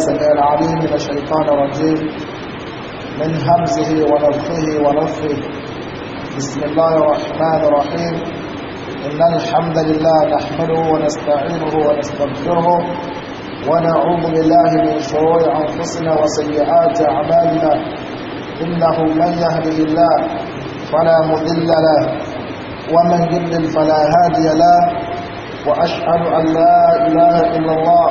السميع العليم من الشيطان الرجيم من همزه ونفخه ونفخه بسم الله الرحمن الرحيم إن الحمد لله نحمده ونستعينه ونستغفره ونعوذ بالله من شرور أنفسنا وسيئات أعمالنا إنه من يهده الله فلا مضل له ومن يضلل فلا هادي له وأشهد أن لا إله إلا الله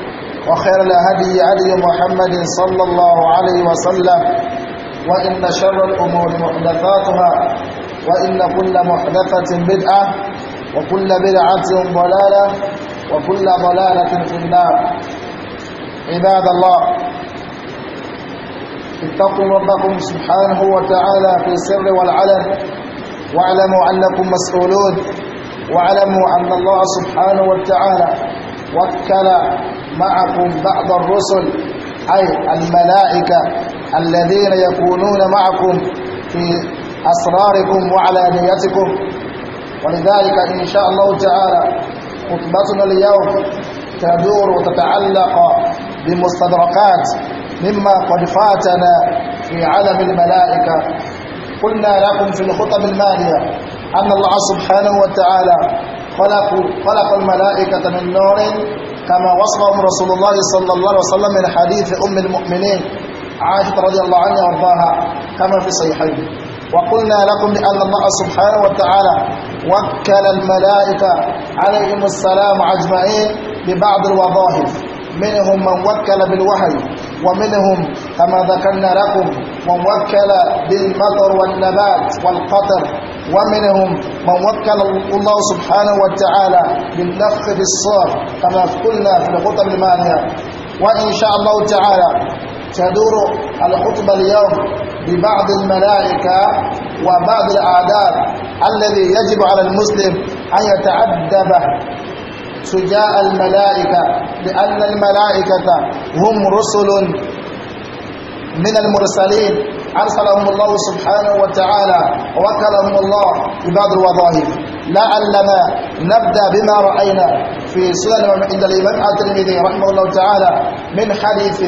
وخير الهدي هدي محمد صلى الله عليه وسلم وإن شر الأمور محدثاتها وإن كل محدثة بدعة وكل بدعة ضلالة وكل ضلالة في النار عباد الله اتقوا ربكم سبحانه وتعالى في السر والعلن واعلموا أنكم مسؤولون واعلموا أن الله سبحانه وتعالى وكل معكم بعض الرسل أي الملائكة الذين يكونون معكم في أسراركم وعلانيتكم ولذلك إن شاء الله تعالى خطبتنا اليوم تدور وتتعلق بمستدركات مما قد فاتنا في عالم الملائكة قلنا لكم في الخطب المالية أن الله سبحانه وتعالى خلق, خلق الملائكة من نور كما وصفهم رسول الله صلى الله عليه وسلم من حديث أم المؤمنين عائشة رضي الله عنها وارضاها كما في صحيحين وقلنا لكم بأن الله سبحانه وتعالى وكل الملائكة عليهم السلام أجمعين ببعض الوظائف منهم من وكل بالوحي ومنهم كما ذكرنا لكم من وكل بالمطر والنبات والقطر ومنهم من وكل الله سبحانه وتعالى باللف الصور كما قلنا في الخطب المانية وإن شاء الله تعالى تدور الخطبة اليوم ببعض الملائكة وبعض العادات الذي يجب على المسلم أن يتعدب شجاء الملائكة لأن الملائكة هم رسل من المرسلين أرسلهم الله سبحانه وتعالى وكلهم الله ببعض الوظائف لعلنا نبدأ بما رأينا في سنن عند الإمام الترمذي رحمه الله تعالى من حديث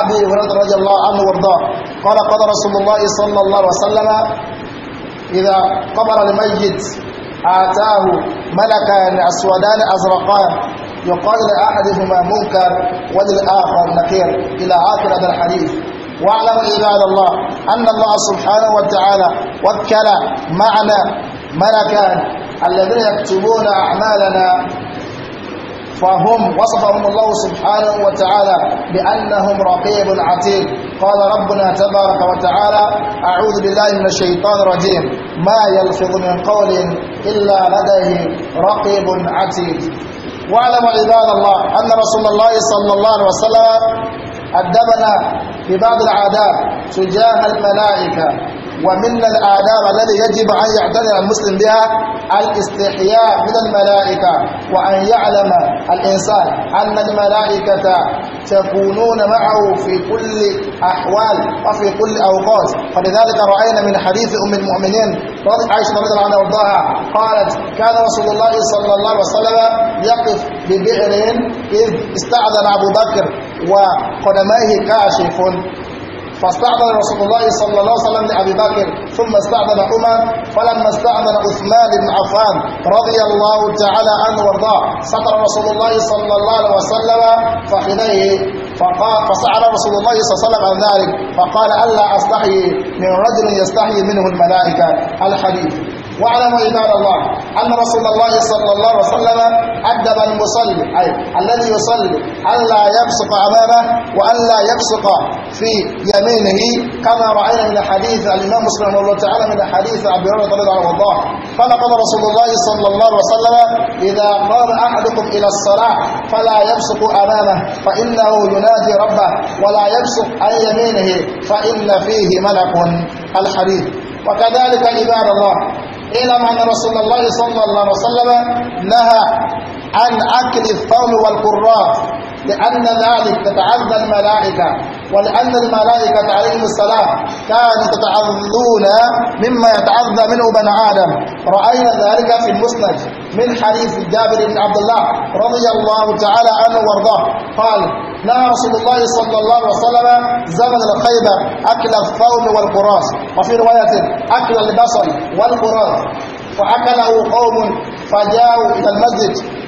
أبي هريرة رضي الله عنه وارضاه قال قال رسول الله صلى الله عليه وسلم إذا قبر الميت آتاه ملكان أسودان أزرقان يقال لأحدهما منكر وللآخر نكير إلى آخر هذا الحديث واعلموا عباد الله أن الله سبحانه وتعالى وكل معنا ملكان الذين يكتبون أعمالنا فهم وصفهم الله سبحانه وتعالى بأنهم رقيب عتيد قال ربنا تبارك وتعالى أعوذ بالله من الشيطان الرجيم ما يلفظ من قول إلا لديه رقيب عتيد واعلم عباد الله أن رسول الله صلى الله عليه وسلم أدبنا في بعض العادات تجاه الملائكة ومن الآداب الذي يجب أن يعتني المسلم بها الاستحياء من الملائكة وأن يعلم الإنسان أن الملائكة تكونون معه في كل أحوال وفي كل أوقات فلذلك رأينا من حديث أم المؤمنين رضي عائشة رضي الله عنها وارضاها قالت كان رسول الله صلى الله عليه وسلم يقف ببئر إذ استأذن أبو بكر وقدميه كاشف فاستعمل رسول الله صلى الله عليه وسلم لأبي بكر ثم استعمل عمر فلما استعمل عثمان بن عفان رضي الله تعالى عنه وارضاه سطر رسول الله صلى الله عليه وسلم فخذيه فقال فسأل رسول الله صلى الله عليه وسلم عن ذلك فقال ألا أستحي من رجل يستحي منه الملائكة الحديث واعلموا عباد الله أن رسول الله صلى الله عليه وسلم أدب المصلي أي الذي يصلي ألا يبصق أمامه وألا يبصق في يمينه كما رأينا من حديث الإمام مسلم رحمه الله تعالى من حديث أبي هريرة رضي الله عنه قال قال رسول الله صلى الله عليه وسلم إذا قام أحدكم إلى الصلاة فلا يبصق أمامه فإنه ينادي ربه ولا يبصق عن يمينه فإن فيه ملك الحديث وكذلك عباد الله إلى أن رسول الله صلى الله عليه وسلم نهى عن أكل الثوم والكراث لأن ذلك تتعدى الملائكة ولأن الملائكة عليهم السلام كانوا يتعظون مما يتعظى منه بن آدم رأينا ذلك في المسند من حديث جابر بن عبد الله رضي الله تعالى عنه وارضاه قال نهى رسول الله صلى الله عليه وسلم زمن الخيبة أكل الثوم والقراص وفي رواية أكل البصل والقراص فأكله قوم فجاءوا إلى المسجد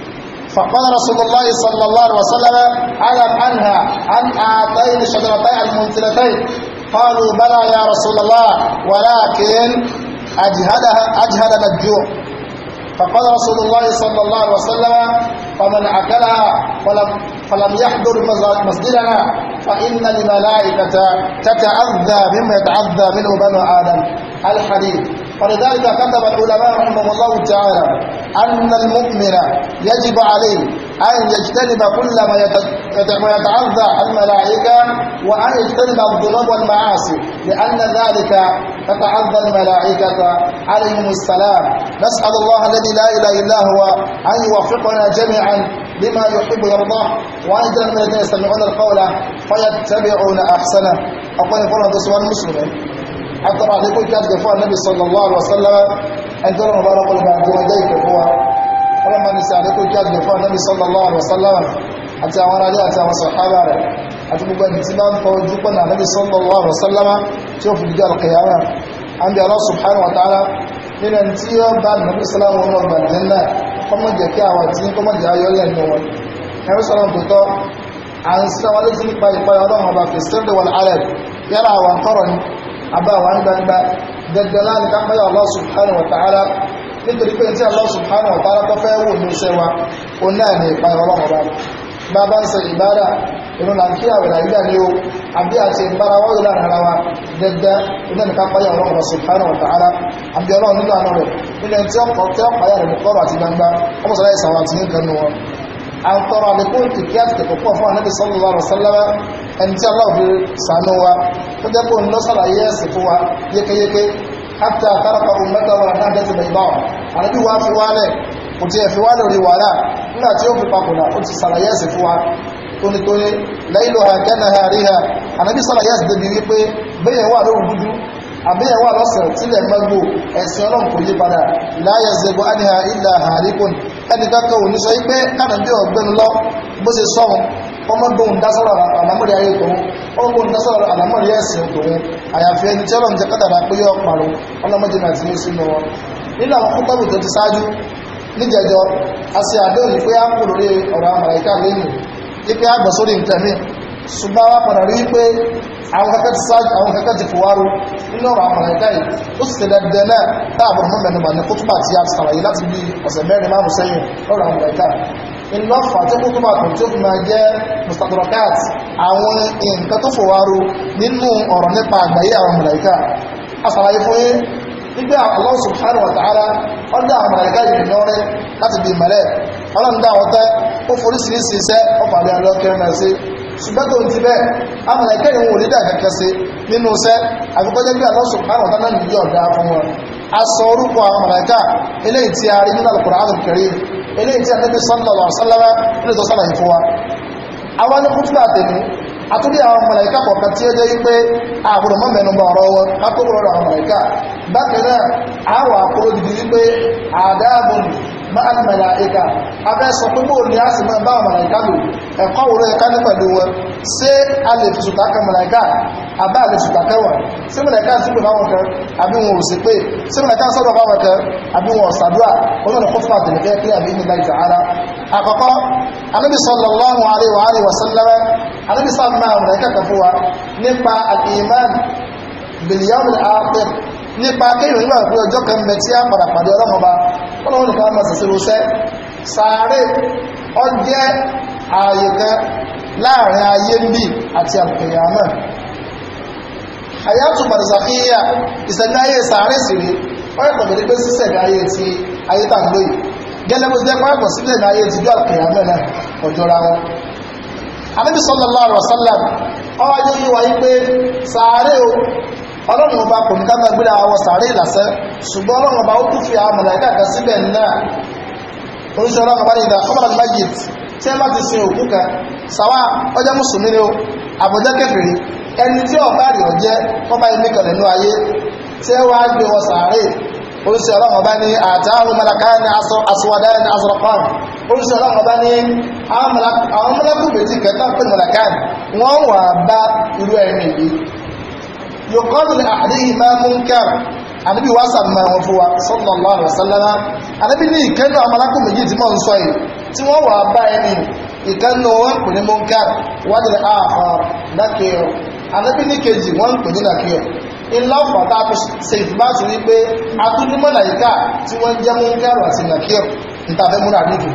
فقال رسول الله صلى الله عليه وسلم علم عنها عن اعطين الشجرتين المنزلتين قالوا بلى يا رسول الله ولكن أجهدها أجهد مجوع فقال رسول الله صلى الله عليه وسلم فمن أكلها فلم, فلم يحضر مسجدنا فإن الملائكة تتأذى مما يتعذى منه بنو آدم الحديث ولذلك كتب العلماء رحمه الله تعالى أن المؤمن يجب عليه أن يجتنب كل ما يتعذى الملائكة وأن يجتنب الذنوب والمعاصي لأن ذلك تتعذى الملائكة عليهم السلام نسأل الله الذي لا إله إلا هو أن يوفقنا جميعا لما يحب ويرضاه وأن يجعل من الذين يستمعون القول فيتبعون أحسنه أقول قول هذا سؤال مسلم حتى بعد يقول كاتب النبي صلى الله عليه وسلم أن ترى مبارك الله وجيك هو ọlọ́mọ ní sí àdékò kí àgbẹ̀ fún anábì sallallahu alaihi wasallam àti àwọn aráyé àti àwọn sọ̀hábà rẹ̀ àti gbogbo ẹni tí bá ń tọ́ ojú pọ̀nà anábì sallallahu alaihi wasallam tí ó fi dìde alkiyama an bí Allah subhanahu wa ta'ala nínú ẹni tí ó bá nàbí sọ́lámù ọmọ ọgbàdín náà kọ́mọ jẹ́ kí àwọn tí kọ́mọ jẹ́ ayọ́ lẹ́nu wọn ẹ̀rí sọ́lámù tó gbangba dandan láti ká Allah subhanahu wa ta'ala nítorí pé tí Allah subhanahu wa ta'ala tó fẹ́ wò ní iṣẹ́ wa ó náà ní ìpa ìrọ̀lọ́ ọ̀bá bá bá ń ṣe ìbára inú là ń kí àwẹ̀rẹ̀ àyíká ní o àbí àti ìbára wọ́n yóò lára wa dẹ́gbẹ́ iná nìkan páyà ọlọ́run subhanahu wa ta'ala àbí ọlọ́run nínú àná rẹ̀ nínú ẹni tí ọkọ̀ tí ọkọ̀ ayà rẹ̀ ní kọ́rọ̀ àti gbangba ọmọ sọ̀rọ̀ ìsàwọn àti sallallahu alaihi wasallam ẹni tí aláwọ̀ fi sànú wa ó jẹ́ kó ń hátà tàràkà òmẹ́tàwà náà dẹ́sẹ̀ bẹ̀yìnbáwà àníbí wá fi wálẹ̀ kò tí ẹ̀ fi wálẹ̀ orí wàhálà nígbà tí ó fi papòdà ó ti sàlàyé ẹ̀sìn fún wa tónítóní lẹ́yìnlò ha kẹ́nà ha rí ha àníbí sàlàyé ẹ̀sìn débi wípé bẹ́yẹn wà lóru dúdú àbẹ́yẹn wà lọ́sẹ̀ tílẹ̀ mẹ́gbò ẹ̀sìn ọlọ́run kò yí padà láyé zẹ̀gbọ́ ánìhà ilà àríkùn ẹnì kankan ò ní sọ wípé kánàbí ọ̀gbẹ́nu lọ bó ṣe sọ́hun ọmọ gbóhùn dásọ́rọ̀ àlámọ̀rí ayé tòun ọmọ gbóhùn dásọ́rọ̀ àlámọ̀rí ẹ̀sìn àyàfi ẹni tí pé yọ nínú àwọn ti níjẹjọ a ṣe àdéhùn ní pé a kò lórí ọ̀rọ̀ àmàlàíkà lẹ́yìn ní pé a gbọ́ sórí nǹkan mi padà rí pé àwọn kẹ́kẹ́ ti ṣáájú àwọn kẹ́kẹ́ ti fòwárò nínú yìí ó sì a ti láti bí ńlọ́fà tí kò tó máa kò tó fi máa jẹ́ mustadrokat àwọn nǹkan tó fòwárò nínú ọ̀rọ̀ nípa àgbáyé àwọn màláíkà asàlàyé fún yín nígbà Allah subhanahu wa ta'ala ọdá àwọn màláíkà yìí lọ́rẹ́ láti di ìmọ̀lẹ́ ọlọ́run dá àwọn tẹ́ ó foríṣiríṣi iṣẹ́ ọkọ̀ àbí alọ́kẹ́rin náà sí ṣùgbọ́n tó ń ti bẹ́ẹ̀ àwọn màláíkà yìí wọn ò ní dà kankan sí nínú iṣẹ́ àfikọ́jẹ́ bí Allah subhanahu wa ta'ala nìyí ọ̀dá fún wọn aṣọ orúkọ àwọn màláíkà eléyìí tí a eléyìí tí a nẹ́bí sallallahu alaihi wasallam ní tó sálàyé fún wa àwọn ní a tèmi àtúndì àwọn màláíkà kọ̀ọ̀kan tí ó jẹ́ wípé àbúrò mọ́ mẹ́nu bá ọ̀rọ̀ wọn kákòrò àwọn màláíkà bákan náà àkúrò dìdí wípé àdáàbò máa ń mẹ́lá ẹ̀ka abẹ́ sọ pé bóò ní a sì máa bá màláìka lò ẹ̀kọ́ òwúrọ̀ ẹ̀ka ní pẹ̀lú wọn ṣé a lè fi ṣùgbà kan màláìka àbá lè ṣùgbà kẹwà ṣé màláìka sí pé báwọn kan àbí wọn ò sí pé ṣé màláìka sọ̀rọ̀ báwọn kan àbí wọn ọ̀sàdúrà wọn lọ́nà kófà tẹ̀lẹ̀fẹ́ kí àbí ní láì sàárà àkọ́kọ́ anábì nípa kéèyàn nígbà pé ọjọ́ kan bẹ tí a padà pàdé ọrụ ọlọ́run nìkan máa sẹ́ sàárè ọjẹ́ ààyè kan láàrin ayé ń bì àti àbùkẹ̀yà náà àyàtò pàtàkìyà ìṣẹ̀lẹ̀ ayé sàárè sì rí wọ́n yàtọ̀ pẹ̀lú pé sísẹ̀lẹ̀ ayé ti ayé tà ń gẹ́lẹ́ bó jẹ́ pàápọ̀ sílẹ̀ ayé ti jọ ọlọ́run ọba kò ní ká máa gbé àwọn sàárè lásán ṣùgbọ́n ọlọ́run ọba ó tún fi àwọn mọ̀lẹ́kà kan síbẹ̀ náà oríṣi ọlọ́run ọba tí ẹ bá ti sin òkú kan sàwa ọjọ́ mùsùlùmí ni ó kẹfìrí ẹni tí ọba rẹ̀ ọjẹ́ ọba ẹni kan nínú ayé tí ẹ wá gbé wọn sàárè oríṣi ọlọ́run ọba ní àtàwọn ní aṣọwádá ní oríṣi ọlọ́run ọba ní àwọn kẹta pé yòkọ́lù ní àdéhì máa mú kẹrù ànábì wá sàmà wọn fún wa sallallahu alaihi wasallam ànábì ní ìkẹ́nu àmàlákù méjì tí mò ń sọ yìí tí wọ́n wà bá ẹni ìkẹ́nu wọn kò ní mú kẹrù wọ́n ní àhà nàkẹ́rù ànábì ní kejì wọ́n kò ní nàkẹ́rù ilá fàtà ṣe ìfìbáṣe wípé atúndúmọ̀lá ìka tí wọ́n jẹ́ mú kẹrù àti nàkẹ́rù níta fẹ́ múra nídìí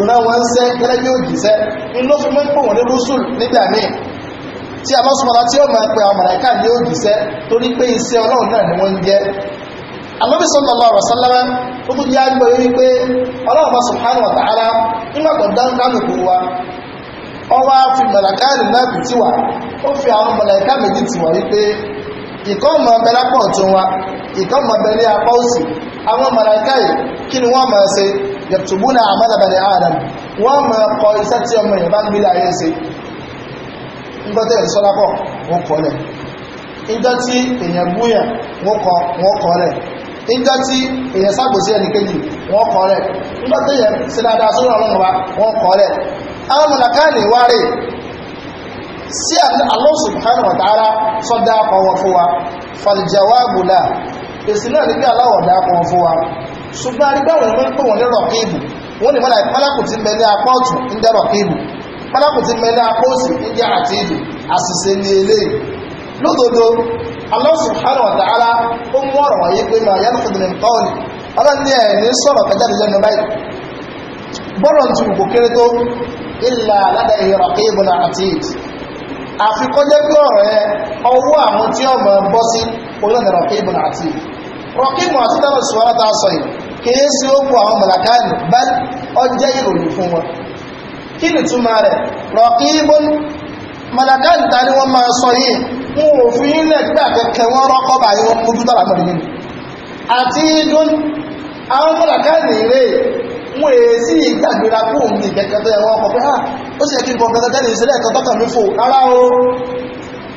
ọ̀nà wọn ń sẹ́ gẹ́lẹ́ bí ó jìsẹ́ inú fi mọ́ ń pò wọ́n ní rúṣùl nígbà míì tí Allah subhanahu tí ó máa pe àwọn màláíkà ní ó jìsẹ́ torí pé iṣẹ́ ọlọ́run náà ni wọ́n ń jẹ́ Ànábì sallallahu alaihi wasallam ó tún yá gbọ́ yí pé ọlọ́run subhanahu wa ta'ala nígbà tó dán dánù kó wa ọwọ́ fi màláíkà rìn náà kù tiwa ó fi àwọn màláíkà méjì tiwa wípé ìkọ́ ọmọ ọbẹ̀ lápọ̀ ọ̀tún wa ìkọ́ ọmọ ọbẹ̀ ní apá òsì àwọn màláíkà yìí kí ni wọ́n máa ṣe yẹ̀tùbúnà àmàlàbàlẹ̀ àdàm wọ́n mọ̀ kọ iṣẹ́ tí ọmọ yẹn bá ń gbílẹ̀ ayé ṣe ńgbọ́tẹ̀ ìṣọ́lápọ̀ wọ́n kọ́ lẹ̀ ìjọ tí èèyàn búyàn wọ́n kọ́ wọ́n kọ́ lẹ̀ ìjọ tí èèyàn ṣàgbòsí ẹnìkejì wọ́n kọ́ lẹ̀ ńgbọ́tẹ̀ yẹn sí dáadáa sórí ọlọ́run wa wọ́n kọ́ Allah subhanahu wa ta'ala sọ́dá akọwọ́ fún wa fàlìjàwá gbùlà èsì náà ṣùgbọ́n arígbàwọ̀ ni ń pè wọ́n ní rọ̀kíìbù wọ́n ni mọ́láìkù ti mẹ́ apá ọ̀tún ń jẹ́ rọ̀kíìbù mọ́láìkù ti mẹ́ apá òsì ń jẹ́ àtìdù àṣìṣe ní eléyìí lódodo ó mú ọ̀rọ̀ pé máa ẹ̀ ní sọ̀rọ̀ kẹjáde lẹ́nu báyìí bọ́rọ̀ ti kéré tó aládà àti pé ọ̀rọ̀ a kìí sí ókù àwọn mọ̀lákánì bá ọjẹ́ ìròyìn fún wọn kí ni túnmà rẹ̀ rọ̀kí ibón mọ̀lákánì ta ni wọ́n máa sọ yìí mú òfin ilẹ̀ gbà kẹkẹ wọ́n rọ́kọ́ bá yíwọ́n mójú dára mọ̀rin nínú àti idún àwọn mọ̀lákánì rẹ̀ mú èsì ìgbàgbéra kú òun ní ìkẹ́kẹ́ tó yẹ wọ́n kọ pé ah, ó sì yẹ kí n kọ tẹ́lẹ̀ fò rárá o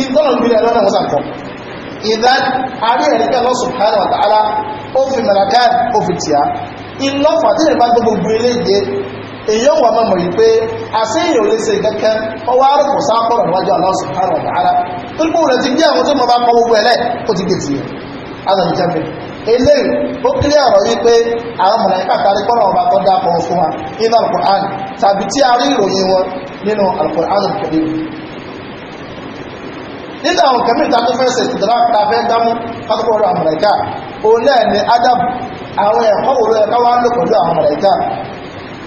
ìtọ́nà ìbílẹ̀ lọ́nà wọ́n sàkọ́ ìdán àrí ẹ̀ríkẹ́ lọ subhanahu wa ta'ala ó fi mẹ́lẹ̀kẹ́ ó fi tìá ìlọ́fà tí ìrìnbá tó gbogbo ilé ìdè èyàn wà mọ́mọ̀ yìí pé àṣíyàn ò lè ṣe ìkẹ́kẹ́ ọwọ́ arúkù sáàkọ̀rọ̀ níwájú Allah subhanahu wa ta'ala tó gbogbo rẹ̀ ti gbé àwọn tó mọ̀ bá kọ gbogbo ẹ̀lẹ́ ó ti gètì yẹn alàmì jẹ́mi eléyìí ó kílé ọ̀rọ̀ yìí pé àwọn mọ̀lẹ́kà tàbí kọ́nà ọba tó dápọ̀ fún wa nínú Al-Qur'an tàbí tí a rí ìròyìn wọn nínú Al-Qur'an al-Karim nínú àwọn kẹmí ìta tó fẹ́sẹ̀ ìdàlápàá fẹ́ dámú pátákọ̀ọ́rọ̀ àwọn màláíkà òun náà ni àwọn ẹ̀kọ́ òru ẹ̀kọ́ wá lò pẹ̀lú àwọn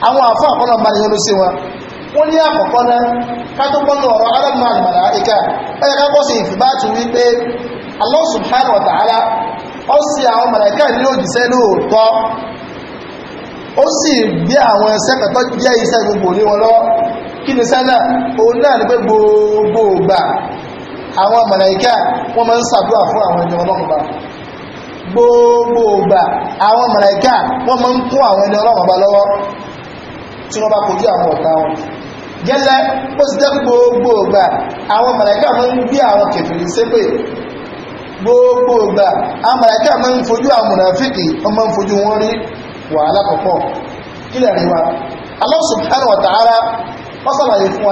àwọn àfọ́ àkọ́nà máa yọrù sí wọn wọ́n ní àkọ́kọ́ náà ọ̀rọ̀ wọn àwọn màláíkà wọ́n máa ń ṣàdúrà fún àwọn ẹni ọlọ́run gbogbo ìgbà àwọn màláíkà wọ́n máa ń kún àwọn ẹni ọlọ́run lọ́wọ́ tí wọ́n bá kojú àwọn ọ̀tá wọn gẹ́lẹ́ ó sì jẹ́ gbogbo ìgbà àwọn màláíkà máa ń gbé àwọn kẹfìrí gbogbo ìgbà àwọn màláíkà máa ń fojú àwọn wọ́n máa ń fojú wọn rí wàhálà rí wa Allah subhanahu wa ta'ala wọ́n wa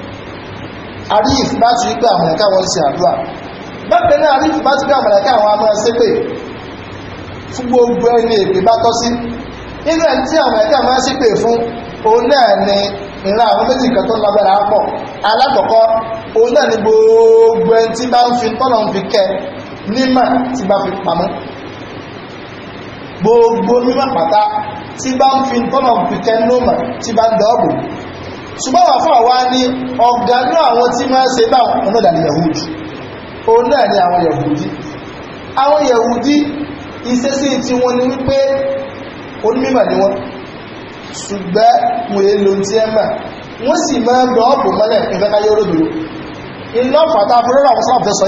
àrí ìfìbátì wípé àwọn ẹ̀ka wọn ṣe àdúrà bákan náà àrí ìfìbátì wípé àwọn ẹ̀ka àwọn amọ̀ ṣépè fún gbogbo ẹni èpè bá tọ́ sí nígbà tí àwọn ẹ̀ka máa ṣépè fún òun náà ni ìran àwọn méjì kan tó lágbára pọ̀ alákọ̀ọ́kọ́ òun náà ni gbogbo ẹni tí bá ń fi tọ́nà ń fi kẹ nímà tí bá fi pamọ́ gbogbo mímọ̀ pátá tí bá ń fi tọ́nà ń fi kẹ nímà tí bá ń dọ́ọ̀bù ṣùgbọ́n wà fún àwa ní ọ̀gánú àwọn tí máa ṣe bá ọ̀nà ìdàlẹ̀ yahudi òun náà ni àwọn yahudi àwọn yahudi ìṣesí tí wọ́n ní wípé onímọ̀ ni wọ́n ṣùgbọ́n wọ́n èlò tí ẹ mà wọ́n sì máa ń lọ ọ̀pọ̀ mọ́lẹ̀ ìfẹ́ká yóò ròdòdó iná fàtà fúnra àwọn sáà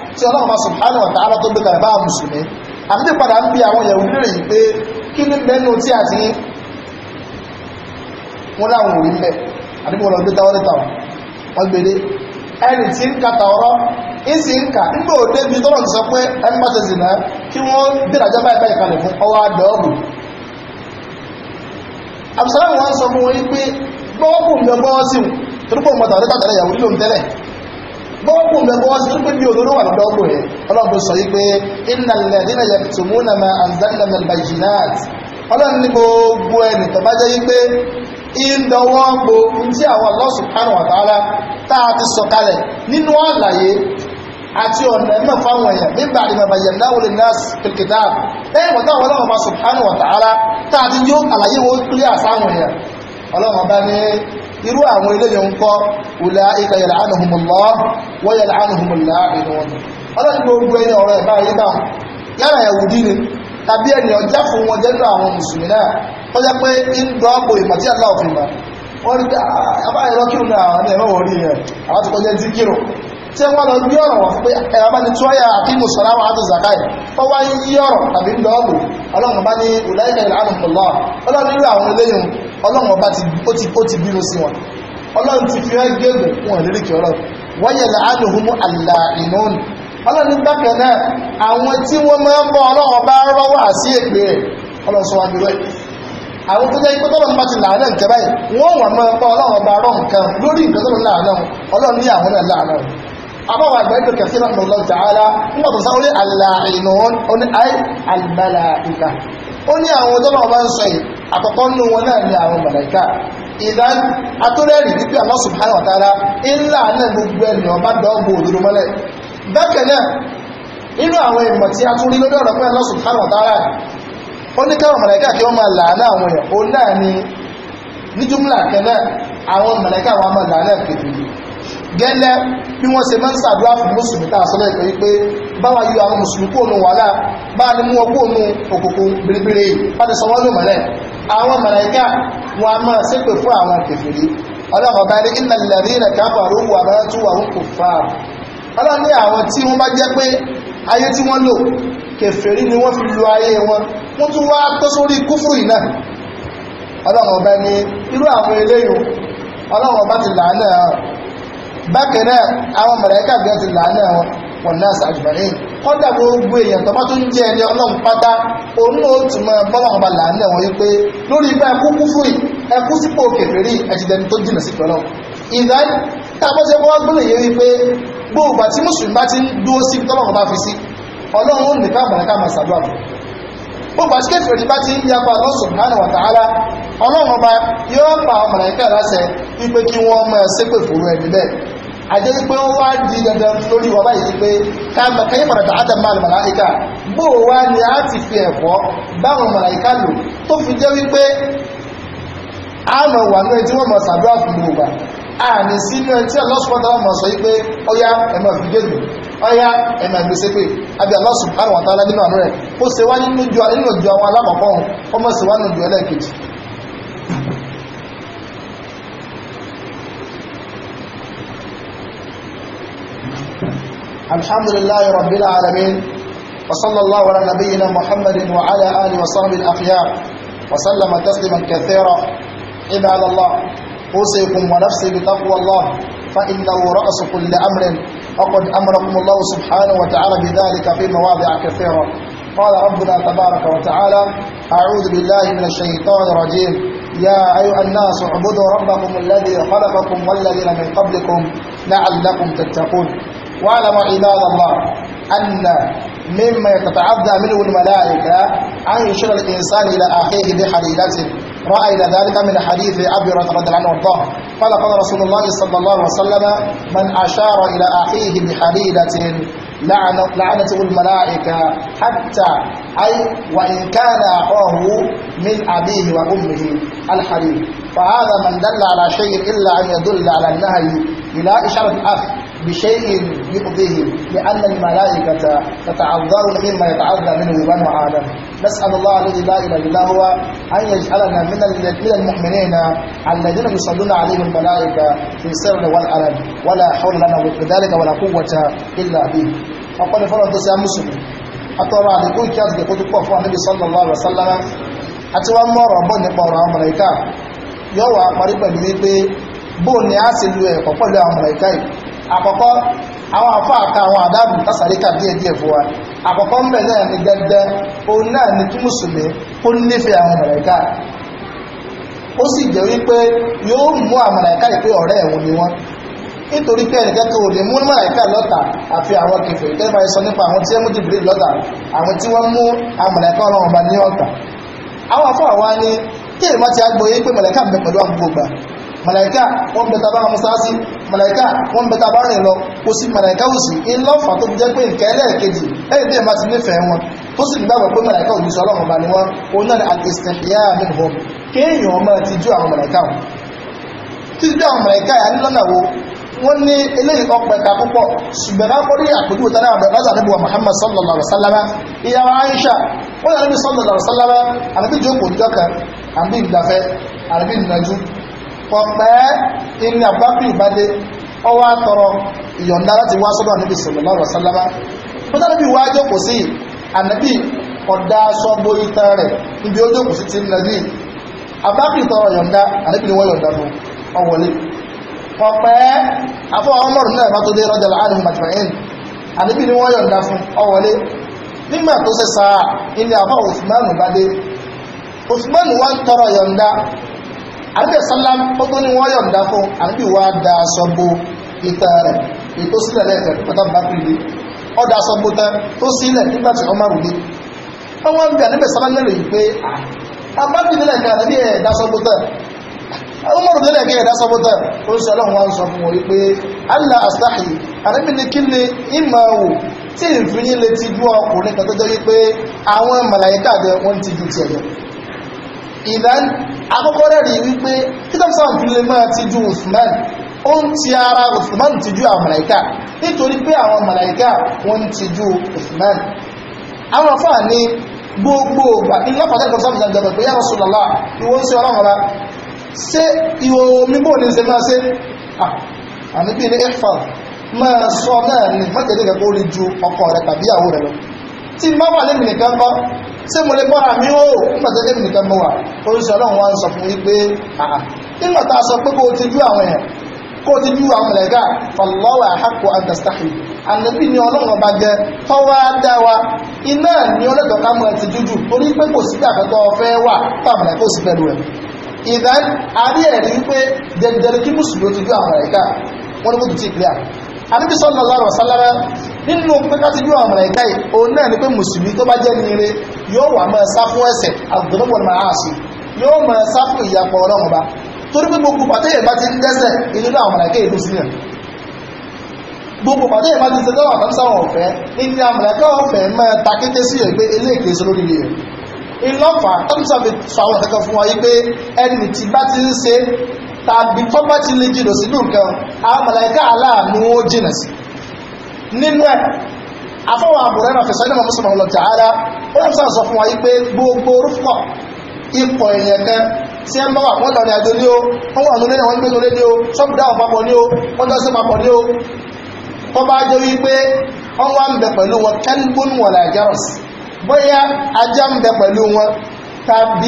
tí ọlọ́run subhanahu wa ta'ala tó gbé kalẹ̀ bá mùsùlùmí àbídí padà ń bí àwọn ìyẹ̀wò nílẹ̀ yìí pé kí ní mẹ́nu tí àti láwọn lọ gbé ẹni tí ń ọ̀rọ̀ ń kà nígbà òde bí tọ́lọ̀ ti sọ pé ẹni bá ṣe zìnà kí wọ́n gbérajà báyìí báyìí kalẹ̀ fún ọwọ́ àbùsọ̀rọ̀ wọn sọ fún wọn pé bọ́ọ̀bù mẹ́kọ́ sí pé bí olóró wà lọ́dọ́ ọkùnrin ọlọ́bù sọ yí pé iná lẹ́dínà yẹ tùmú na ma àǹdánilẹ̀ mẹ́lbàjìnáàt ọlọ́run ní gbogbo ẹni tó bá jẹ́ yí pé ìdọ̀wọ́ gbo tí àwọn Allah subhanahu wa ta'ala tá a ti sọ kalẹ̀ nínú àlàyé àti ọ̀nà ẹ̀mọ́ fáwọn èèyàn nígbà àdìmọ̀ bàyẹ̀ náà wọlé náà kìrìkìtà lẹ́yìn wọ́n táwọn ọlọ́run bá subhanahu wa ta'ala tá a ti yó àlàyé wo kílíà sáwọn èèyàn ọlọ́run bá ní irú àwọn eléyìí ń kọ́ wùlá ìkà yẹ̀lá ànàhùnmùlọ́ wọ́n yẹ̀lá ànàhùnmùlá ìrìnwọ̀n ọlọ́run gbogbo ẹni ọ̀rọ̀ ẹ̀bá ayé bá yára ẹ̀wùdí ni tàbí ẹni ọjà fún wọn jẹ́nu àwọn mùsùlùmí náà ó jẹ́ pé ń dọ́ àpò ìmọ̀ tí àlá òfin mọ̀ wọ́n rí abáyé ah, lọ́kìrù náà àwọn ẹ̀rọ wọ̀ rí yẹn àwọn ti ọlọ́run ọba ó ti bínú sí wọn ọlọ́run ti fi gẹ́gùn fún ọ̀lẹ́rìkì ọlọ́run wọ́yẹ̀ láàánúhùmú àlà ìnáwó ọlọ́run bákan náà àwọn tí wọ́n máa ń bọ́ ọlọ́run ọba rọ́wà sí èpè rẹ̀ ọlọ́run sọ wá bí wẹ́ẹ̀ àwọn tó jẹ́ pé tọ́lọ́run bá ti làánà nǹkan báyìí wọ́n wà máa bọ́ ọlọ́run ọba rọ́ nǹkan lórí nǹkan tọ́lọ́run làánà ọlọ́run ní kẹfì náà lọ́lọ́ tààlà nígbà tó sáré àlà ìnáwó ó ní àì àlùmọ́là ìgbà bá ń sọ àkọ́kọ́ nínú wọn náà ni àwọn màláíkà ìdán atọ́rẹ́rì wípé Allah subhanahu wa ta'ala ńlá náà gbogbo ènìyàn bá dọ́gbò òdodo mọ́lẹ̀ bákan náà nínú àwọn ìmọ̀ tí a tún rí lórí ọ̀rọ̀ pé Allah gẹ́lẹ́ bí wọ́n ṣe máa ń ṣàdúrà fún mùsùlùmí tá a sọ lẹ́ẹ̀kan wípé báwa yọ àwọn mùsùlùmí kó nu wàhálà bá a ní mú ọkọ̀ nu òkòkò biribiri bá ti sọ wọ́n lò mọ́lẹ̀ àwọn màláíkà wọn a máa ṣépè fún àwọn ọlọ́run bá ni irú àwọn eléyìí ọlọ́run ọba ti làánà bákan náà àwọn mọ̀lẹ́kà bí wọ́n ti làánà wọn wọn náà sàjùmọ̀lẹ́ kọ́dà gbogbo èèyàn tó bá tó ń jẹ́ ẹni ọlọ́run pátá òun náà ó tún mọ bọ́lọ́run bá làánà wọn wípé lórí ipa ẹkú kú fún ẹkú sípò kèfèrí ẹ̀jìdẹni tó jìnà sí pẹ̀lọ́ ìdá tábọ́sẹ̀ wọ́n gbọ́dọ̀ yẹ wípé gbogbo àti mùsùlùmí bá ti ń dúró sí tọ́lọ́run bá fi sí ọlọ́run ó nìkan àgbàlẹ́ká máa ṣàdúrà gbogbo àti kèfèrí bá ti ń yapa Allah subhanahu wa ta'ala ọlọ́run ọba ọmọ ẹ̀kẹ́ láṣẹ wípé kí wọ́n máa ṣépè fòrò ẹ̀mí bẹ́ẹ̀ àjẹ́ wípé ó wá di dandan lórí wa a ti fi ẹ̀kọ́ báwọn màláìka lò tó fi jẹ́ wípé a mọ̀ wà ní ọyá ẹ̀mà gbèsè pé àbí Allah subhanahu wa ta'ala nínú àánú rẹ̀ ó ṣe wá nínú ìjọ àwọn alákọ̀ọ́kọ́ ọ̀hún ó mọ̀ sí wá nínú ìjọ ẹlẹ́ẹ̀kejì الحمد لله رب العالمين وصلى الله على نبينا محمد وعلى آله وصحبه الأخيار وسلم تسليما كثيرا عباد الله أوصيكم ونفسي بتقوى الله فإنه رأس كل أمر وقد أمركم الله سبحانه وتعالى بذلك في مواضع كثيرة قال ربنا تبارك وتعالى أعوذ بالله من الشيطان الرجيم يا أيها الناس اعبدوا ربكم الذي خلقكم والذين من قبلكم لعلكم تتقون واعلموا عباد الله أن مما يتتعدى منه الملائكة أن يشير الإنسان إلى أخيه بحليلته رأينا ذلك من حديث أبي رضي الله عنه وارضاه قال قال رسول الله صلى الله عليه وسلم من أشار إلى أخيه بحليلة لعنته الملائكة حتى أي وإن كان أخاه من أبيه وأمه الحليل فهذا من دل على شيء إلا أن يدل على النهي إلى إشارة الأخ بشيء يؤذيهم لأن الملائكة تتعذرون مما يتعذر منه بنو آدم نسأل الله الذي لا إله إلا هو أن يجعلنا من من المؤمنين الذين يصلون عليهم الملائكة في السر والعلن ولا حول لنا بذلك ولا قوة إلا به أقول فرد يا مسلم أترى لكل كاتب يقول قوة النبي صلى الله عليه وسلم أتوى مرة بني قرآن ملائكة يوى قريبا بني بو ni a ti lu ẹ̀kọ́ pẹ̀lú àwọn mọ̀lẹ́ká yìí àkọ́kọ́ àwọn afọ àka àwọn àdáàbù tásàríkà díẹ̀ díẹ̀ fún wa àkọ́kọ́ ń bẹ̀ náà ni gẹ́gẹ́ òun náà ni kí mùsùlùmí kó nífẹ̀ẹ́ àwọn mọ̀lẹ́kà ó sì jẹ́ wípé yóò mú àwọn mọ̀lẹ́kà yìí pé ọ̀rẹ́ ẹ̀wọ̀n ni wọ́n nítorí pé ẹnì kẹ́kẹ́ ò lè mú mọ̀lẹ́kà lọ́tà àfi àwọn kẹfẹ́ sọ nípa àwọn tí mú jìbìrì lọ́tà àwọn tí wọ́n mú ọlọ́run afọ àwa ni kí ti pé màláìká wọ́n bẹ̀ta bá mọ́sáàsì màláìká wọ́n bẹ̀ta bá rìn lọ kò sí màláìká ò sí ńlọ́fà tó jẹ́ pé nǹkan ẹlẹ́ẹ̀kejì lẹ́yìn bí ẹ̀ bá ti nífẹ̀ẹ́ wọn tó sì nígbàgbọ́ pé màláìká òjú sọ ọlọ́run bá ní wọn òun náà ni àtìsẹ̀fìyà minhum kéèyàn ọmọ ti jó àwọn màláìká wọn tí jó àwọn màláìká yà nílọ́nà wo wọ́n ní eléyìí ọpẹ ta púpọ̀ ṣùgbọ́n akọ́rí àpèjú òtara àbẹ̀lọ́sà níbi wa Muhammad sallallahu alaihi wasallam ìyàwó Aisha wọ́n yà níbi sallallahu alaihi wasallam àbí jókòó jọ́kan àbí ìgbafẹ́ àbí ìnájú pọ̀pẹ́ ilé àbákù ìbádé ọwọ́ àtọrọ ìyọ̀ǹda láti wá sọ́dọ̀ níbi lọrọ alaihi wasallam mọ́tàlẹ́bí wá jókòó sí ànábì ọ̀dá sọ́gbó ìtàn rẹ̀ níbi ó jókòó sí ti ń nàbí àbákù ìtọrọ yọ̀ǹda ànábì ni wọ́n yọ̀ǹda ọwọ́lé afọ́ wá àbí sálám ó tó ní wọ́n yọ̀ǹda fún àbí wá da sọ́gbó ìtàn rẹ̀ ètò sílẹ̀ lẹ́ẹ̀kẹ́ pátá bá kiri ni ó da sọ́gbó tán tó sílẹ̀ nígbà tí ọmọ rùdí ọwọ́n ń bẹ̀ níbẹ̀ sálám lẹ́rìí yìí pé abákiri lẹ́ẹ̀kẹ́ àbí ẹ̀ da sọ́gbó tán ọmọ rùdí lẹ́ẹ̀kẹ́ ẹ̀ da sọ́gbó tán ó sọ ọlọ́run wá ń sọ fún wọn pé allah astahi àbí ni kí ni ìmọ̀ wò tí ìfìyín le ti dú ọkùnrin kan tó jẹ́ wípé àwọn màlàíkà jẹ wọ́n ti ju tiẹ̀ lọ ìdán akọ́kọ́ rẹ̀rí wípé títàn sáà fi lè máa ti ju Usman ó ń ti ara Usman ti ju àwọn màláìkà nítorí pé àwọn màláìkà wọ́n ń ti ju Usman àwọn afọ́ ní gbogbo ògbà ìlọ́pàá tẹ́kọ̀ọ́ sáà jẹ́ pé ya Rasulullah ìwọ ń ṣe ọlọ́run ọba ṣé ìwọ omi bò ní ṣe máa ṣe àmì bíi ní ifal máa sọ náà ní mọ́tẹ̀lẹ́gẹ̀ẹ́ kó rí ju ọkọ rẹ̀ tàbí ìyàwó rẹ̀ lọ tí má wà lẹ́mìnì kan kọ́ ṣé mo lè bọ́ra mi ó nígbàtí ẹgbẹ́ nìkan mọ́ wà oríṣi ọlọ́run wá ń sọ fún wípé àà nígbà tá a sọ pé kó o ti jú àwọn ẹ̀ kó o ti jú àwọn mọ̀lẹ́gà fọlọ́wà àhàkù àǹtàstáhì ànàbí ni ọlọ́run ọba jẹ tọ́wọ́ dá wa iná ni ọlọ́dọ̀ ká mọ̀ ti jújù torí pé kò sí àkọ́tọ́ ọ̀fẹ́ wà táwọn kò sí pẹ̀lú ẹ̀ ìdá àrí ẹ̀rí wípé dẹ̀dẹ̀rẹ̀ kí mùsùlùmí ó ti jú àwọn mọ̀lẹ́gà wọ́n ní kó ti ti ìpìlẹ̀ àníbi sọ́nà lọ́rọ̀ sálára nínú pípẹ́ yóò àmàlà ìka yìí òun náà ni pé mùsùlùmí tó bá jẹ́ nire yóò wà máa sá fún ẹsẹ̀ àgbẹ̀lọ́gbọ̀n máa sì yóò máa sá fún ìyàpọ̀ ọlọ́run ba torí pé gbogbo pàtẹ́yẹ̀ bá ti ń dẹ́sẹ̀ ìlú àmàlà ìka ìlú sílẹ̀ gbogbo pàtẹ́yẹ̀ bá ti ṣe lọ́wọ́ àtàmsáwọn ọ̀fẹ́ ní àmàlà ìka ọ̀fẹ́ máa takété sí ẹgbẹ́ eléèké sí lórí rẹ̀ ìlọ́fà tọ́lùsàfẹ́ sọ àwọn ẹ̀kọ́ fún wa yí pé ẹni tí bá ti ń ṣe tàbí lè jìnà sínú nǹkan àwọn aláàánú ó jìnà sí nínú ẹ̀ àbúrẹ́ náà fẹ̀sọ́ mọ́sùlùmọ́ lọ ó ń sọ fún wa wípé gbogbo orúkọ ipò èèyàn kan tí ẹ ń bá wà wọ́n lọ ní àjò ní o wọ́n wà lónìí wọ́n ní o sọ́ọ̀bù dáhùn papọ̀ ní o wọ́n jọ papọ̀ ní o tó bá jẹ́ wọ́n wá ń bẹ pẹ̀lú wọn bóyá ajá ń bẹ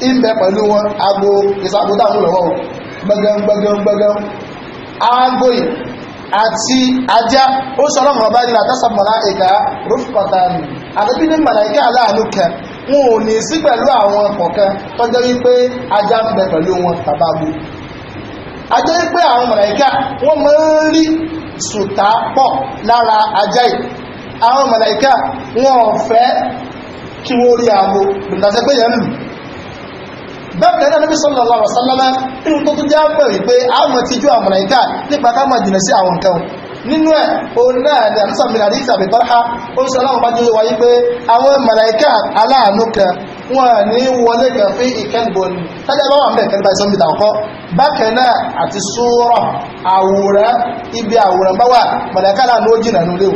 ìbẹ̀ pẹ̀lú wọn agbo ìsàgbótàmù lọ́wọ́ gbẹgbẹgbẹgbẹgbẹgbẹm aago yìí àti ajá ó sọ lọ́wọ́ bá nílà tásà màláìka rúfùpàtà nì àtẹ́bí ní màláìka aláàánú kẹ wọn ò ní sí pẹ̀lú àwọn kọ̀ọ̀kan tọ́jọ́ wípé ajá ń bẹ pẹ̀lú wọn tàbágbó ajá wípé àwọn màláìka wọ́n máa ń rí sùtà pọ̀ lára ajá yìí àwọn màláìka wọn ò fẹ́ kí wọ́n rí aago lùtàṣẹ́ pé yẹn lù bẹ́ẹ̀ náà níbi sọ́nà lọ́rọ̀ sálámá nínú tó tún jẹ́ pẹ̀ wípé àwọn tíjú àwọn màláíkà nípa ká máa jìnà sí àwọn nǹkan nínú ẹ̀ òun náà ni àdúsà mi àdúsà mi tọ́lá ó ń sọ aláwọ̀ bá jẹ́ wáyé pé àwọn màláíkà aláàánú kan wọn ní wọlé kan fún ìkẹ́gbọ̀n tájá bá wà ń bẹ̀ kẹ́lẹ́ báyìí ọkọ́ bákan àti sóòrọ̀ àwòrán ibi àwòrán bá wà màláíkà aláàánú ó jìnà nílé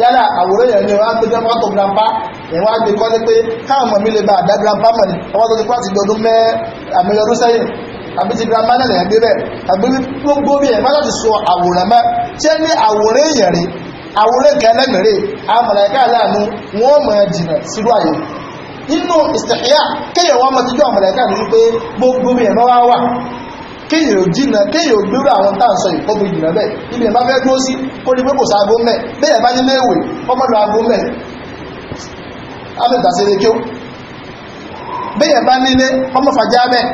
yálà àwòrán yẹn ni wọ́n á gbé grandpa tó grandpa yẹn wọ́n á gbé kọ́lé pé káwọn ọmọ mi lè bá àdá grandpa mọ̀ ni ọwọ́ tó ti pàṣẹ ìdọ̀dún mẹ́ àmì ọdún sẹ́yìn àbí ti grandma náà lẹ́yìn débẹ̀ àbí gbogbo bí yẹn bá láti sọ àwòrán mọ́ ṣé ní àwòrán yẹn rè àwòrán kẹlẹ́mìrè àmàlẹ́ká aláàánú wọ́n mọ̀ jìnà sílú àyè nínú ìsìnkìyà kéèyàn wọ́n mọ̀ tíjú àmàlẹ́ká ní wípé gbogbo bí yẹn bá wá wà kéèyàn ò jìnà kéèyàn ò gbérò àwọn tá à ń sọ yìí kọ́tò jìnà bẹ́ẹ̀ ibi ìbá fẹ́ dúró sí kó ní pé kò sáago mẹ́ bẹ́ẹ̀ bá nílé ìwé ọmọdé aago mẹ́ ámẹ́ta sí lékíó bẹ́ẹ̀ bá nílé ọmọ fàjá mẹ́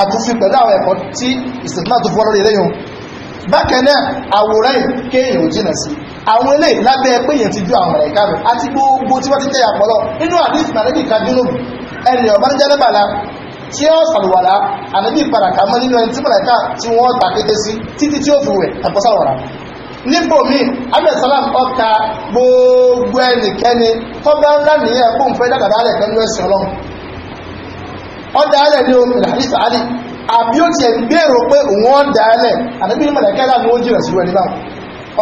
àtúnfi pẹ̀lú àwọn ẹ̀kọ́ tí ìsìnkú náà tó fọ́ lórí eléyìí bákan náà àwòrán yìí kéèyàn ò jìnà sí àwọn eléyìí lábẹ́ pé èèyàn ti ju àwọn ẹ̀ka rẹ̀ àti gbogbo tí wọ́n ti jẹ́ àpọ̀lọ́ nínú àdéhùn àdéhùn ìkàdínlógún ẹnì ọ̀bánijẹ́ lẹ́bàlá tí ó sàlùwàlá ànábì ìparakà mọ́ nínú ẹni tí mọ̀lẹ́kà tí wọ́n tàkété sí títí tí ó fi wẹ̀ àbọ́sàwọ̀rá níbòmí abẹ́sàlám ọ̀ka gbogbo ẹnikẹ́ni tọ́gbà ńlá nìyẹn kó ń fẹ́ pẹ̀lú ẹ̀sìn ọlọ́run omi àbí ó tiẹ̀ gbèrò pé òun ó jìnà sí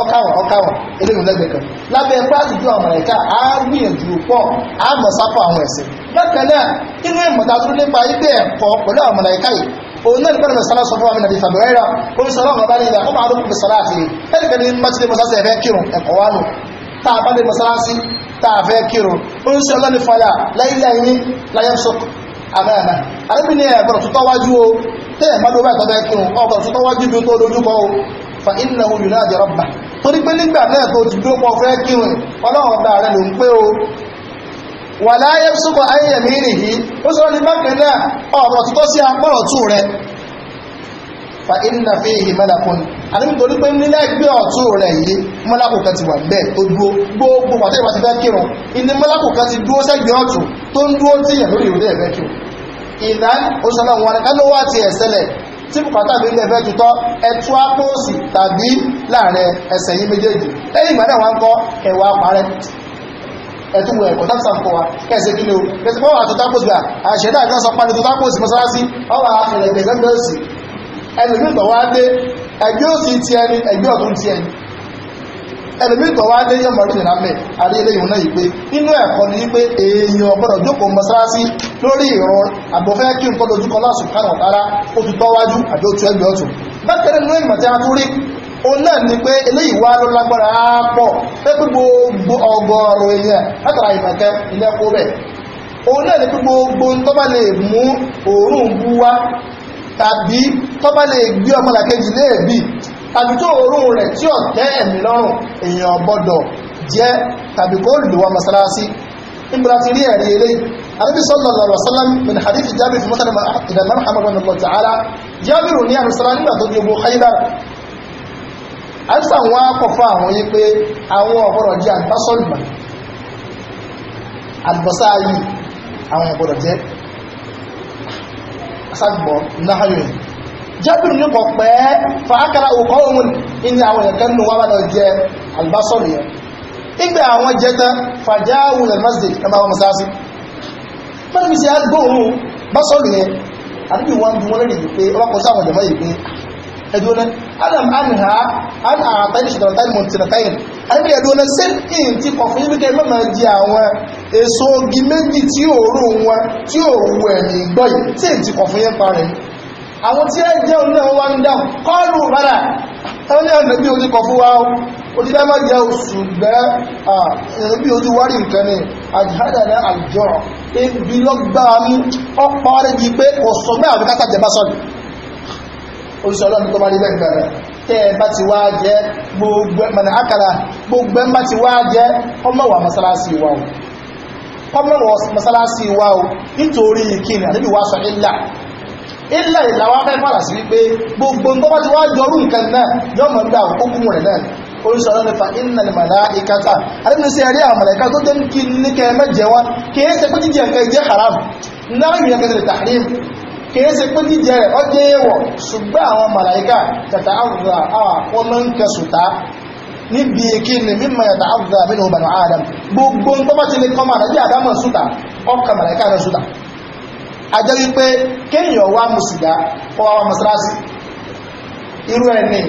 ọkàwọn ọkàwọn eléyìí lẹ́gbẹ̀ẹ́ kan lábẹ́ pàṣípù àwọn mọ̀lẹ́kà á gbìyànjú pọ̀ á mọ̀ sápọ̀ àwọn ẹ̀sẹ̀ bákan náà inú ìmọ̀ta tó nípa ibẹ̀ ẹ̀kọ́ pẹ̀lú àwọn mọ̀lẹ́kà yìí òun náà nípa ìmọ̀sálá sọ fún wa nàbí fàbẹ̀rẹ́ra ó ń sọ̀rọ̀ ọ̀gá nílẹ̀ ọmọ àdókò fi sọ̀rọ̀ àti ẹnìkan ní mọ́tí lè mọ́sálásí ẹ̀fẹ́ kírun ẹ̀kọ́ wa nù tá a bá lè mọ́sálásí tá a fẹ́ kírun ó ń sọ̀rọ̀ ní fọlá láyíláyí ní láyẹ́sọ̀ àmàmà arábìnrin ẹ̀gbọ́n tó tọ́wájú torí pé nígbà náà tó ti dópọ̀ fẹ́ kírun ọlọ́run ọba rẹ̀ ló ń o wà láyé súnmọ́ ayẹyẹmí nìyí ó sọ ní bákan náà ọ̀rọ̀ tó sí apá ọ̀tún rẹ̀ fa inna fihi malakun àní nítorí pé nílẹ̀ ẹgbẹ́ ọ̀tún rẹ̀ yìí mọ́lákù kan ti wà bẹ́ẹ̀ tó ti fẹ́ kírun kan ti ọ̀tún tó ń tíyẹ̀ lórí ẹ̀fẹ́ kírun tí bùkátà bí ilé ẹ̀fẹ́ tutọ́ ẹtú àpò òsì tàbí láàrin ẹsẹ̀ yín méjèèjì lẹ́yìn ìgbà náà wọ́n ń kọ́ ẹ̀wà parẹ́ ẹ̀tún ẹ̀kọ́ tàbí wa kẹsẹ̀ kí ni o kẹsẹ̀ bọ́wà tó tápò sí àṣẹ́dá ìkan sọ pàdé tó tápò sí mọ́sálásí ọwà ẹ̀rẹ̀gbẹ̀gbẹ̀ sí ẹlòmí ìgbà wá dé ẹgbẹ́ òsì ti ẹni ẹgbẹ́ ọ̀tún ti ẹni ẹlòmíì tó wá dé yọmọ tìrìnà mẹ àrí ilé yìí pé inú ẹ̀kọ́ ni èèyàn gbọ́dọ̀ jókòó mọ́sálásí lórí ìrọ̀ àbọ̀fẹ́ kí n kọ́ kánà àbí ó ẹgbẹ́ ọ̀tún ìmọ̀ tí a tún rí náà ni pé eléyìí wá ló lágbára á pọ̀ pé gbogbo ọgọ́rùn èèyàn látara ìmọ̀kẹ́ ilé kó bẹ̀ náà ni pé tàbí tó òórùn rẹ̀ tí ó tẹ́ ẹ̀mí lọ́rùn èèyàn gbọ́dọ̀ jẹ́ tàbí kó lò wá masalasi nígbà tí rí ẹ̀rí ilé arábí sallallahu alaihi wasallam min hadith jábìr fún mọ́sánà ìdàmọ́ hamadu nàlọ́ tààlà jábìr ní àrùsọ́lá nígbà tó di ogun haidar àìsàn wọn kọ̀ fún àwọn jẹ́bìrì ní kọ̀ pẹ́ fàákàrà òkọ́ òun ní àwọn ẹ̀kẹ́ nínú wàbà lọ jẹ albasọ́rì yẹn ìgbà àwọn jẹta fàjáwù al-masjid ẹmà wọn mọ̀sáàsì mẹ́rin mi sí agbóhùn basọ́rì yẹn àdúgbì wọn bí wọn lẹ́rìn pé anha an àtà ìṣẹ̀dọ̀ táyì mọ̀tìrìtàyìn ẹni ẹdùn náà sí ìyìn tí kọ̀ fún yíbi kẹ́mẹ́ máa jẹ àwọn èso ogi méjì tí òórùn wọn tí ti kọ̀ fún yín àwọn tí ẹ jẹ́ onílẹ̀ wọn wá ń dáhùn kọ́ọ̀lù rárá ẹwọ́n ní ọ̀nà bí ojú kọ fún wa ó ti dámọ́ jẹ́ oṣù gbẹ́ ẹ̀rọ bí ojú wárí nǹkan ni àjíhádà ní ibi lọ́gbàá mú di pé ọ̀sọ̀ mẹ́ àbíká sàjẹbá sọ́ọ̀lù oṣù ọlọ́run tó bá rí bẹ́ẹ̀ gbẹ̀rẹ̀ tẹ́ ẹ bá ti wá jẹ́ gbogbo ẹ̀mọ̀nà àkàrà gbogbo ẹ̀mọ̀ ti wá jẹ́ ọmọ wa mọ́sálásí wa o ọmọ wa mọ́sálásí wa sọ ilà ilẹ̀ ìlàwà fẹ́ fàrà sí wípé gbogbo ń bọ́bá ti wá yọrù nǹkan náà yọ mọ̀ gbà òkú rẹ̀ náà oríṣi ọlọ́run fa iná ìmọ̀lá ìkátà àdébìnrin sí ẹ̀rí àmàlẹ̀ká tó jẹ́ kí ní kẹ́ mẹ́jẹ wọn kìí pé jíjẹ nǹkan jẹ́ haram náà yìí nǹkan tẹ̀lé tahrim kìí ṣe pé jíjẹ rẹ̀ ó jẹ́ èèwọ̀ ṣùgbọ́n àwọn màláìkà tàtà àwùrà àwọn ọmọ ń kẹsùtà níbi ìkíni mímọ̀ yàtà adam gbogbo ń gbọ́bá ti lè kọ́ ajẹ́ wípé kéèyàn wá mu sìgá kó ẹni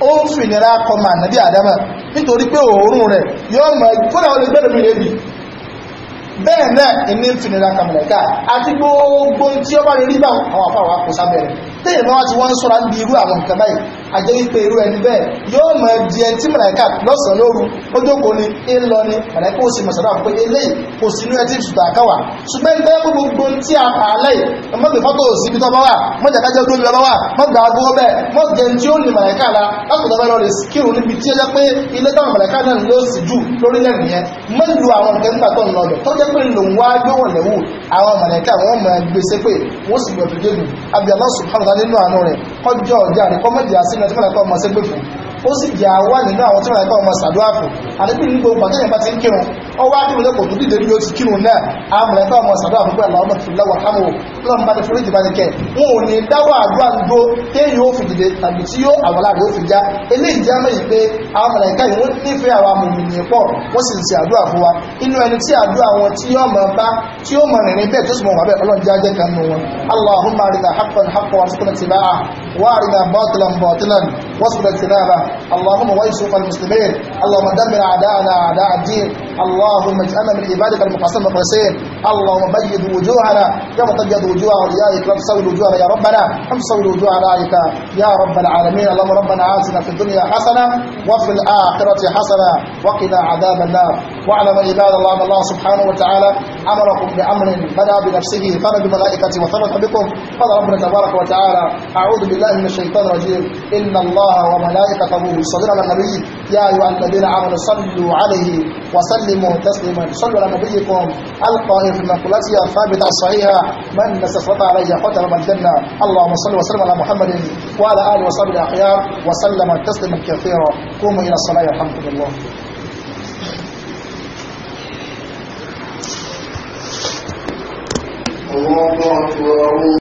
ó ń fi ìnira kọmọ ànábì àdámà nítorí pé òórùn rẹ̀ yóò mọ̀ fúnra olè gbẹ́rẹ̀ mi lébi bẹ́ẹ̀ náà ìní fi ìnira kàmìlẹ̀ká àti gbogbo tí ó bá rí bá àwọn rẹ̀ téèyàn bá wá ti wọ́n sọ́ra níbi irú àwọn àjẹ́ wípé irú ẹni bẹ́ẹ̀ yóò mọ̀ di ẹni tí mọ̀lẹ́kà lọ́sàn-án lóru ó jókòó ni ń lọ ni mọ̀lẹ́kà ó sì mọ̀ sọ́dọ̀ àpò eléyìí kò sínú ẹtí ìtùtù àkáwà ṣùgbọ́n ń bẹ́ẹ̀ gbogbo tí a kà á lẹ́yìn mọ́gbẹ̀ fọ́tò sí ibi tọ́bọ́ wà mọ́jàkájẹ́ ojú lọ́bọ́ wà mọ́gbà agbó bẹ́ẹ̀ mọ́gbẹ̀ tí ó ní mọ̀lẹ́kà la látọ̀dọ̀ bẹ́ẹ̀ lọ rẹ̀ kírun níbi tí ó jẹ́ pé ilé táwọn mọ̀lẹ́kà náà ló sì jù lórílẹ̀ nìyẹn mọ́lù àwọn nǹkan nígbà tó ń lọ lọ sí ní ọtí mọ̀lẹ́kọ́ ọmọ ṣẹ́gbẹ́ fún ó sì jẹ́ àwa nínú àwọn tí mọ̀lẹ́kọ́ ọmọ ṣàdúrà fún àdébí ní gbogbo àtẹ́yìn bá ti ń kírun ọwọ́ adúlù lẹ́kọ̀ọ́ tó dìde bí ó ti kírun náà àwọn mọ̀lẹ́kọ́ ọmọ ṣàdúrà fún pẹ̀lú àwọn mọ̀tò lọ́wọ́ kámò lọ́n bá ti forí ìjìbá ní kẹ́ wọn ò ní dáwọ́ àdúrà ń dó téèyàn ó fi dìde tàbí tí yóò àwọn láàrin ó fi já eléyìí jẹ́ mẹ́yìn pé àwọn mọ̀lẹ́kọ́ yìí wọ́n nífẹ̀ẹ́ àwọn amòmìnir pọ̀ wọ́n sì ń ṣe àdúrà fún wa inú ẹni tí àdúrà wọn tí yóò mọ̀ bá tí yóò mọ̀ rìnrìn bẹ́ẹ̀ tó sì mọ̀ wà bẹ́ẹ̀ ọlọ́run jẹ́ ajẹ́ kan nù wọn. allahumma arina haqqan haqqan wa sukuna وارنا باطلا باطلا واصبر اجتنابه اللهم ويسوق المسلمين اللهم دمر اعداءنا اعداء الدين اللهم اجعلنا من عبادك المخلصين المخلصين اللهم بيض وجوهنا يا مطيب وجوه اوليائك لا سود وجوهنا يا ربنا اللهم سود وجوه اوليائك يا رب العالمين اللهم ربنا آتنا في الدنيا حسنه وفي الاخره حسنه وقنا عذاب النار واعلم عباد الله ان الله سبحانه وتعالى امركم بامر بدا بنفسه فانا بملائكته وثبت بكم قال ربنا تبارك وتعالى اعوذ بالله من الشيطان الرجيم ان الله وملائكته يصلون على النبي يا ايها الذين امنوا صلوا عليه وسلموا وسلموا تسليما صلوا على نبيكم القائم في المقولات الثابته الصحيحه من استفرط عليه من الجنه اللهم صل وسلم على محمد وعلى اله وصحبه الاخيار وسلم تسليما كثيرا قوموا الى الصلاه يرحمكم الله الله أكبر